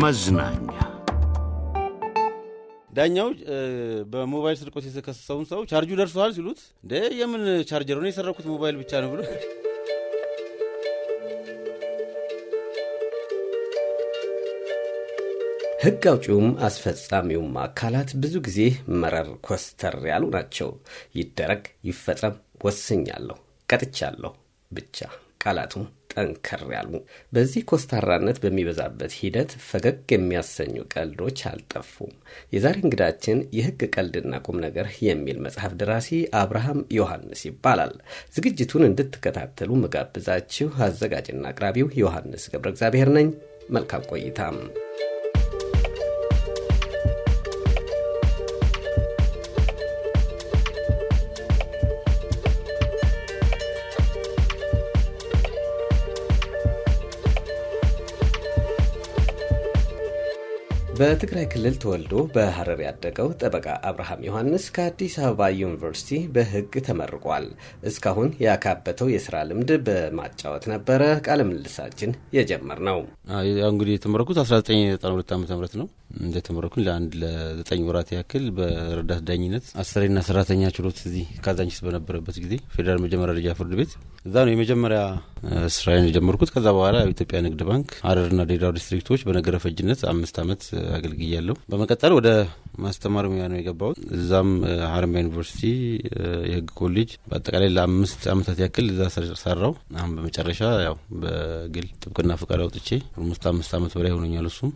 መዝናኛ ዳኛው በሞባይል ስርቆት የተከሰሰውን ሰው ቻርጁ ደርሰዋል ሲሉት እንደ የምን ቻርጀር ነው የሰረኩት ሞባይል ብቻ ነው ብሎ ሕግ አውጪውም አስፈጻሚውም አካላት ብዙ ጊዜ መረር ኮስተር ያሉ ናቸው። ይደረግ ይፈጸም፣ ወስኛለሁ፣ ቀጥቻለሁ ብቻ ቃላቱም ጠንከር ያሉ በዚህ ኮስታራነት በሚበዛበት ሂደት ፈገግ የሚያሰኙ ቀልዶች አልጠፉም። የዛሬ እንግዳችን የህግ ቀልድና ቁም ነገር የሚል መጽሐፍ ደራሲ አብርሃም ዮሐንስ ይባላል። ዝግጅቱን እንድትከታተሉ መጋብዛችሁ አዘጋጅና አቅራቢው ዮሐንስ ገብረ እግዚአብሔር ነኝ። መልካም ቆይታም በትግራይ ክልል ተወልዶ በሐረር ያደገው ጠበቃ አብርሃም ዮሐንስ ከአዲስ አበባ ዩኒቨርሲቲ በሕግ ተመርቋል። እስካሁን ያካበተው የስራ ልምድ በማጫወት ነበረ ቃለ ምልልሳችን የጀመር ነው። እንግዲህ የተመረኩት 1992 ዓ ም ነው እንደተመረኩኝ ለአንድ ለዘጠኝ ወራት ያክል በረዳት ዳኝነት አሰሪና ሰራተኛ ችሎት እዚህ ካዛንችስ በነበረበት ጊዜ ፌዴራል መጀመሪያ ደረጃ ፍርድ ቤት እዛ ነው የመጀመሪያ ስራዬን የጀመርኩት። ከዛ በኋላ ኢትዮጵያ ንግድ ባንክ ሀረርና ድሬዳዋ ዲስትሪክቶች በነገረ ፈጅነት አምስት ዓመት አገልግያለሁ። በመቀጠል ወደ ማስተማር ሙያ ነው የገባሁት። እዛም ሀረማያ ዩኒቨርሲቲ የህግ ኮሌጅ በአጠቃላይ ለአምስት ዓመታት ያክል እዛ ሰራው። አሁን በመጨረሻ ያው በግል ጥብቅና ፈቃድ አውጥቼ አምስት አመት በላይ ሆኖኛል። እሱም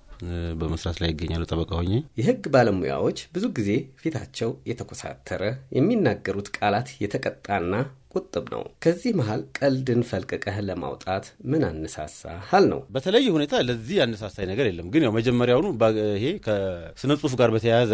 በመስራት ላይ እገኛለሁ ጠበቃ ሆኜ። የህግ ባለሙያዎች ብዙ ጊዜ ፊታቸው የተኮሳተረ የሚናገሩት ቃላት የተቀጣና ቁጥብ ነው። ከዚህ መሀል ቀልድን ፈልቅቀህ ለማውጣት ምን አነሳሳሃል ነው። በተለየ ሁኔታ ለዚህ ያነሳሳኝ ነገር የለም። ግን ያው መጀመሪያውኑ ይሄ ከስነ ጽሁፍ ጋር በተያያዘ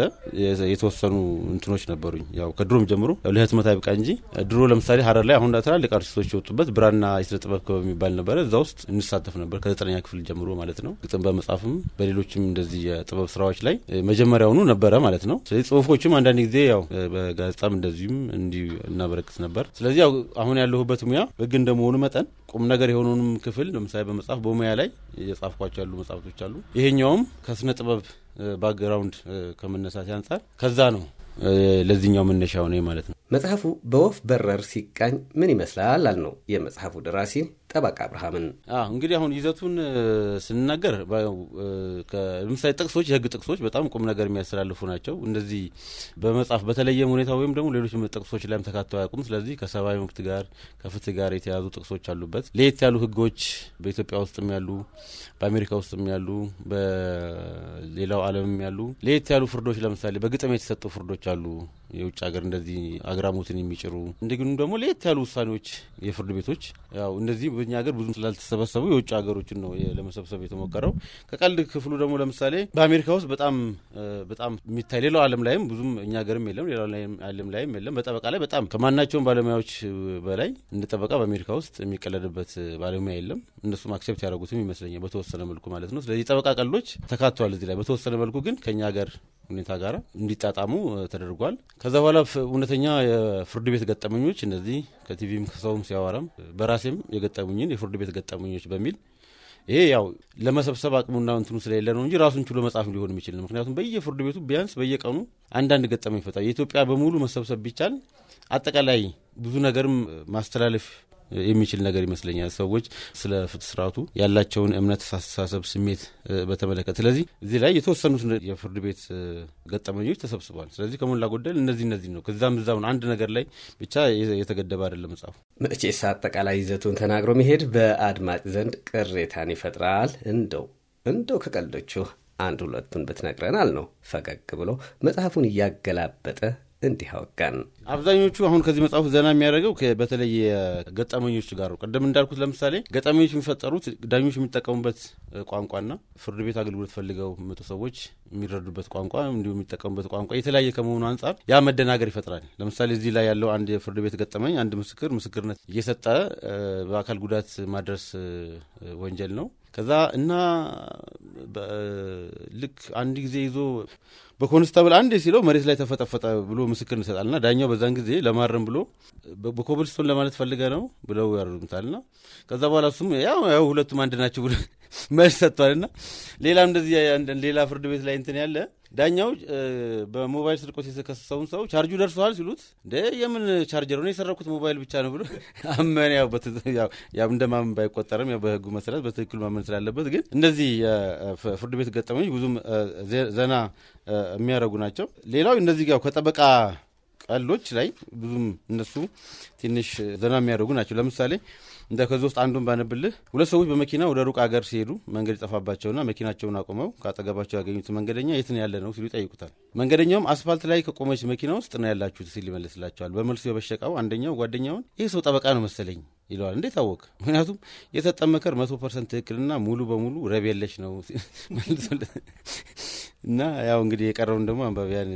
የተወሰኑ እንትኖች ነበሩኝ። ያው ከድሮም ጀምሮ ለህትመት አይብቃ እንጂ ድሮ ለምሳሌ ሀረር ላይ አሁን ትላልቅ አርቲስቶች የወጡበት ብራና የስነ ጥበብ ክበብ የሚባል ነበረ። እዛ ውስጥ እንሳተፍ ነበር ከዘጠነኛ ክፍል ጀምሮ ማለት ነው። ግጥም በመጻፍም በሌሎችም እንደዚህ የጥበብ ስራዎች ላይ መጀመሪያውኑ ነበረ ማለት ነው። ስለዚህ ጽሁፎችም አንዳንድ ጊዜ ያው በጋዜጣም እንደዚሁም እንዲህ እናበረክት ነበር። ስለዚህ ያው አሁን ያለሁበት ሙያ ህግ እንደመሆኑ መጠን ቁም ነገር የሆኑንም ክፍል ለምሳሌ በመጽሐፍ በሙያ ላይ የጻፍኳቸው ያሉ መጽሐፍቶች አሉ። ይሄኛውም ከስነ ጥበብ ባክግራውንድ ከመነሳት አንጻር ከዛ ነው ለዚህኛው መነሻ ሆነ ማለት ነው። መጽሐፉ በወፍ በረር ሲቃኝ ምን ይመስላል አል ነው የመጽሐፉ ደራሲ ጠበቃ አብርሃምን እንግዲህ አሁን ይዘቱን ስንናገር ለምሳሌ ጥቅሶች፣ የህግ ጥቅሶች በጣም ቁም ነገር የሚያስተላልፉ ናቸው። እንደዚህ በመጽሐፍ በተለየም ሁኔታ ወይም ደግሞ ሌሎች ጥቅሶች ላይም ተካተው አያውቁም። ስለዚህ ከሰብአዊ መብት ጋር ከፍትህ ጋር የተያዙ ጥቅሶች አሉበት። ለየት ያሉ ህጎች በኢትዮጵያ ውስጥም ያሉ፣ በአሜሪካ ውስጥም ያሉ፣ በሌላው ዓለምም ያሉ ለየት ያሉ ፍርዶች ለምሳሌ በግጥም የተሰጡ ፍርዶች አሉ። የውጭ ሀገር እንደዚህ አግራሞትን የሚጭሩ እንዲሁም ደግሞ ለየት ያሉ ውሳኔዎች የፍርድ ቤቶች ያው እንደዚህ በኛ ሀገር ብዙ ስላልተሰበሰቡ የውጭ ሀገሮችን ነው ለመሰብሰብ የተሞከረው። ከቀልድ ክፍሉ ደግሞ ለምሳሌ በአሜሪካ ውስጥ በጣም በጣም የሚታይ ሌላው ዓለም ላይም ብዙም እኛ ሀገርም የለም፣ ሌላው ዓለም ላይም የለም። በጠበቃ ላይ በጣም ከማናቸውም ባለሙያዎች በላይ እንደ ጠበቃ በአሜሪካ ውስጥ የሚቀለድበት ባለሙያ የለም። እነሱም አክሴፕት ያደረጉትም ይመስለኛል በተወሰነ መልኩ ማለት ነው። ስለዚህ ጠበቃ ቀልዶች ተካቷል እዚህ ላይ በተወሰነ መልኩ ግን ከኛ ሀገር ሁኔታ ጋር እንዲጣጣሙ ተደርጓል። ከዛ በኋላ እውነተኛ የፍርድ ቤት ገጠመኞች እነዚህ ከቲቪም ከሰውም ሲያወራም በራሴም የገጠሙኝን የፍርድ ቤት ገጠመኞች በሚል ይሄ ያው ለመሰብሰብ አቅሙና እንትኑ ስለሌለ ነው እንጂ ራሱን ችሎ መጽሐፍ ሊሆን የሚችል ነው። ምክንያቱም በየፍርድ ቤቱ ቢያንስ በየቀኑ አንዳንድ ገጠመኝ ይፈጣል። የኢትዮጵያ በሙሉ መሰብሰብ ቢቻል አጠቃላይ ብዙ ነገርም ማስተላለፍ የሚችል ነገር ይመስለኛል። ሰዎች ስለ ፍትህ ስርዓቱ ያላቸውን እምነት፣ አስተሳሰብ፣ ስሜት በተመለከተ ስለዚህ እዚህ ላይ የተወሰኑት የፍርድ ቤት ገጠመኞች ተሰብስበዋል። ስለዚህ ከሞላ ጎደል እነዚህ እነዚህ ነው። ከዛም እዛሁን አንድ ነገር ላይ ብቻ የተገደበ አይደለም መጽሐፉ። መቼስ አጠቃላይ ይዘቱን ተናግሮ መሄድ በአድማጭ ዘንድ ቅሬታን ይፈጥራል። እንደው እንደው ከቀልዶቹ አንድ ሁለቱን ብትነግረናል ነው ፈገግ ብሎ መጽሐፉን እያገላበጠ እንዲህ አወጋን። አብዛኞቹ አሁን ከዚህ መጽሐፍ ዘና የሚያደርገው በተለይ ገጠመኞች ጋር ነው። ቀደም እንዳልኩት ለምሳሌ ገጠመኞች የሚፈጠሩት ዳኞች የሚጠቀሙበት ቋንቋና ፍርድ ቤት አገልግሎት ፈልገው መቶ ሰዎች የሚረዱበት ቋንቋ እንዲሁ የሚጠቀሙበት ቋንቋ የተለያየ ከመሆኑ አንጻር ያ መደናገር ይፈጥራል። ለምሳሌ እዚህ ላይ ያለው አንድ የፍርድ ቤት ገጠመኝ አንድ ምስክር ምስክርነት እየሰጠ በአካል ጉዳት ማድረስ ወንጀል ነው። ከዛ እና ልክ አንድ ጊዜ ይዞ በኮንስታብል አንዴ ሲለው መሬት ላይ ተፈጠፈጠ ብሎ ምስክር ይሰጣልና ዳኛው በዛን ጊዜ ለማረም ብሎ በኮብልስቶን ለማለት ፈልገ ነው ብለው ያርዱታል። ና ከዛ በኋላ እሱም ያው ሁለቱም አንድ ናቸው ብሎ መልስ ሰጥቷል። ና ሌላ እንደዚህ ሌላ ፍርድ ቤት ላይ እንትን ያለ ዳኛው በሞባይል ስርቆት የተከሰሰውን ሰው ቻርጁ ደርሰዋል ሲሉት እንደ የምን ቻርጀር ሆነ የሰረኩት ሞባይል ብቻ ነው ብሎ አመን። ያው እንደ ማመን ባይቆጠርም በህጉ መሰረት በትክክሉ ማመን ስላለበት፣ ግን እነዚህ ፍርድ ቤት ገጠመኞች ብዙም ዘና የሚያደርጉ ናቸው። ሌላው እነዚህ ያው ከጠበቃ ቀልዶች ላይ ብዙም እነሱ ትንሽ ዘና የሚያደርጉ ናቸው። ለምሳሌ እንደ ከዚህ ውስጥ አንዱን ባነብልህ ሁለት ሰዎች በመኪና ወደ ሩቅ አገር ሲሄዱ መንገድ ይጠፋባቸውና መኪናቸውን አቁመው ከአጠገባቸው ያገኙት መንገደኛ የት ነው ያለ ነው ሲሉ ይጠይቁታል። መንገደኛውም አስፋልት ላይ ከቆመች መኪና ውስጥ ነው ያላችሁት ሲል ይመልስላቸዋል። በመልሱ የበሸቀው አንደኛው ጓደኛውን ይህ ሰው ጠበቃ ነው መሰለኝ ይለዋል። እንዴት አወቅ? ምክንያቱም የተጠመ ምክር መቶ ፐርሰንት ትክክልና ሙሉ በሙሉ ረብ የለሽ ነው እና ያው እንግዲህ የቀረውን ደግሞ አንባቢያን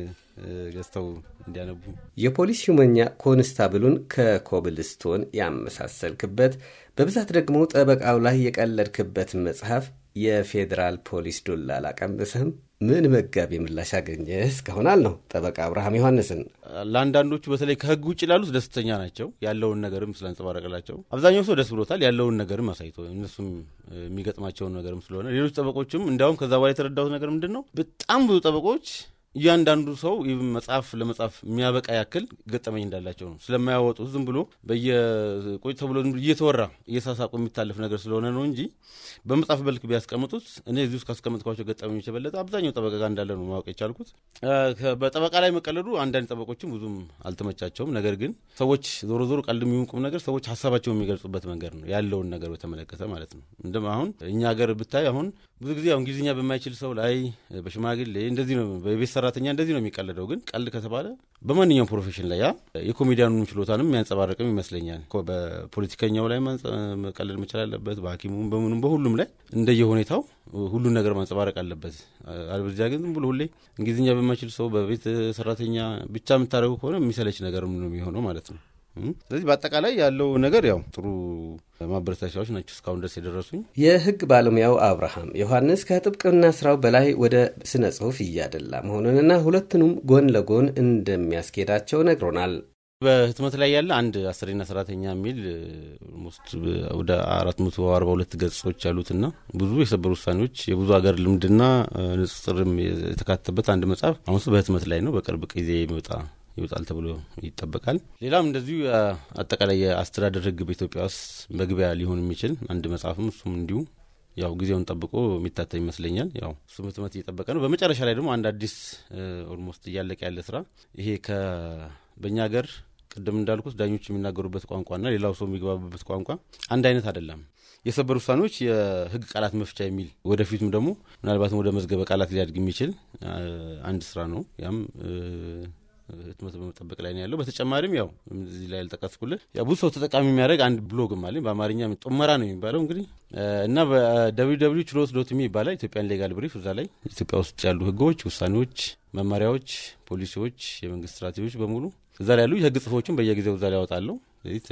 ገዝተው እንዲያነቡ የፖሊስ ሹመኛ ኮንስታብሉን ከኮብልስቶን ያመሳሰልክበት በብዛት ደግሞ ጠበቃው ላይ የቀለድክበት መጽሐፍ የፌዴራል ፖሊስ ዶላ አላቀምስህም ምን መጋቢ ምላሽ አገኘ እስካሁን አልነው ጠበቃ አብርሃም ዮሐንስን። ለአንዳንዶቹ በተለይ ከህግ ውጭ ላሉት ደስተኛ ናቸው። ያለውን ነገርም ስላንጸባረቅላቸው አብዛኛው ሰው ደስ ብሎታል። ያለውን ነገርም አሳይቶ እነሱም የሚገጥማቸውን ነገርም ስለሆነ ሌሎች ጠበቆችም እንዲያውም ከዛ በኋላ የተረዳሁት ነገር ምንድን ነው በጣም ብዙ ጠበቆች እያንዳንዱ ሰው ይህም መጽሐፍ ለመጽሐፍ የሚያበቃ ያክል ገጠመኝ እንዳላቸው ነው። ስለማያወጡ ዝም ብሎ በየቆጭ ተብሎ እየተወራ እየሳሳቁ የሚታለፍ ነገር ስለሆነ ነው እንጂ በመጽሐፍ በልክ ቢያስቀምጡት እኔ እዚህ ውስጥ ካስቀምጥኳቸው ገጠመኞች የበለጠ አብዛኛው ጠበቃ ጋር እንዳለ ነው ማወቅ የቻልኩት። በጠበቃ ላይ መቀለዱ አንዳንድ ጠበቆችም ብዙም አልተመቻቸውም። ነገር ግን ሰዎች ዞሮ ዞሮ ቀልድ የሚሆን ቁም ነገር ሰዎች ሀሳባቸው የሚገልጹበት መንገድ ነው ያለውን ነገር በተመለከተ ማለት ነው። እንደም አሁን እኛ ሀገር ብታይ አሁን ብዙ ጊዜ እንግሊዝኛ በማይችል ሰው ላይ በሽማግሌ እንደዚህ ነው፣ በቤት ሰራተኛ እንደዚህ ነው የሚቀለደው። ግን ቀልድ ከተባለ በማንኛውም ፕሮፌሽን ላይ ያ የኮሜዲያኑን ችሎታንም የሚያንጸባርቅም ይመስለኛል። በፖለቲከኛው ላይ መቀለድ መቻል አለበት፣ በሐኪሙም በምኑም በሁሉም ላይ እንደየሁኔታው ሁሉን ነገር ማንጸባረቅ አለበት። አለበለዚያ ግን ዝም ብሎ ሁሌ እንግሊዝኛ በማይችል ሰው በቤት ሰራተኛ ብቻ የምታደርገው ከሆነ የሚሰለች ነገር ነው የሚሆነው ማለት ነው። ስለዚህ በአጠቃላይ ያለው ነገር ያው ጥሩ ማበረታቻዎች ናቸው እስካሁን ድረስ የደረሱኝ። የህግ ባለሙያው አብርሃም ዮሐንስ ከጥብቅና ስራው በላይ ወደ ስነ ጽሁፍ እያደላ መሆኑንና ሁለቱንም ጎን ለጎን እንደሚያስኬዳቸው ነግሮናል። በህትመት ላይ ያለ አንድ አስረኛ ሰራተኛ የሚል ሞስት ወደ አራት መቶ አርባ ሁለት ገጾች ያሉትና ብዙ የሰበር ውሳኔዎች የብዙ ሀገር ልምድና ንጽጽርም የተካተበት አንድ መጽሐፍ አሁን በህትመት ላይ ነው። በቅርብ ጊዜ የሚወጣ ይወጣል ተብሎ ይጠበቃል። ሌላም እንደዚሁ አጠቃላይ የአስተዳደር ህግ በኢትዮጵያ ውስጥ መግቢያ ሊሆን የሚችል አንድ መጽሐፍም እሱም እንዲሁ ያው ጊዜውን ጠብቆ የሚታተም ይመስለኛል። ያው እሱም ህትመት እየጠበቀ ነው። በመጨረሻ ላይ ደግሞ አንድ አዲስ ኦልሞስት እያለቀ ያለ ስራ ይሄ በእኛ ሀገር ቅድም እንዳልኩት ዳኞች የሚናገሩበት ቋንቋና ሌላው ሰው የሚግባብበት ቋንቋ አንድ አይነት አይደለም። የሰበር ውሳኔዎች የህግ ቃላት መፍቻ የሚል ወደፊቱም ደግሞ ምናልባትም ወደ መዝገበ ቃላት ሊያድግ የሚችል አንድ ስራ ነው። ያም ህትመት በመጠበቅ ላይ ያለው። በተጨማሪም ያው እዚህ ላይ ያልጠቀስኩልህ ያው ብዙ ሰው ተጠቃሚ የሚያደርግ አንድ ብሎግ አለኝ በአማርኛ ጦመራ ነው የሚባለው እንግዲህ እና በደብሊው ደብሊው ችሎት ዶት ሚ ይባላል። ኢትዮጵያን ሌጋል ብሪፍ እዛ ላይ ኢትዮጵያ ውስጥ ያሉ ህጎች፣ ውሳኔዎች፣ መመሪያዎች፣ ፖሊሲዎች፣ የመንግስት ስትራቴጂዎች በሙሉ እዛ ላይ ያሉ የህግ ጽሁፎችን በየጊዜው እዛ ላይ ያወጣለሁ።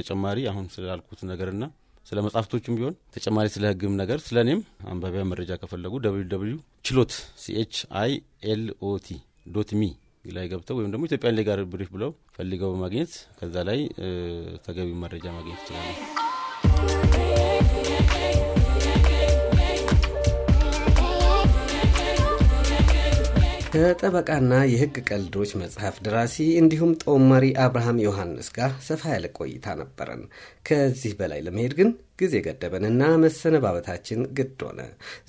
ተጨማሪ አሁን ስላልኩት ነገርና ስለ መጽሐፍቶችም ቢሆን ተጨማሪ ስለ ህግም ነገር ስለ እኔም አንባቢያ መረጃ ከፈለጉ ደብሊው ደብሊው ችሎት ሲኤች አይ ኤል ኦ ቲ ዶት ሚ ላይ ገብተው ወይም ደግሞ ኢትዮጵያን ሊጋር ብሪፍ ብለው ፈልገው በማግኘት ከዛ ላይ ተገቢ መረጃ ማግኘት ይችላሉ። ከጠበቃና የሕግ ቀልዶች መጽሐፍ ደራሲ እንዲሁም ጦማሪ አብርሃም ዮሐንስ ጋር ሰፋ ያለ ቆይታ ነበረን። ከዚህ በላይ ለመሄድ ግን ጊዜ ገደበንና መሰነባበታችን ግድ ሆነ።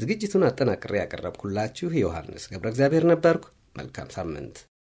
ዝግጅቱን አጠናቅሬ ያቀረብኩላችሁ ዮሐንስ ገብረ እግዚአብሔር ነበርኩ። መልካም ሳምንት።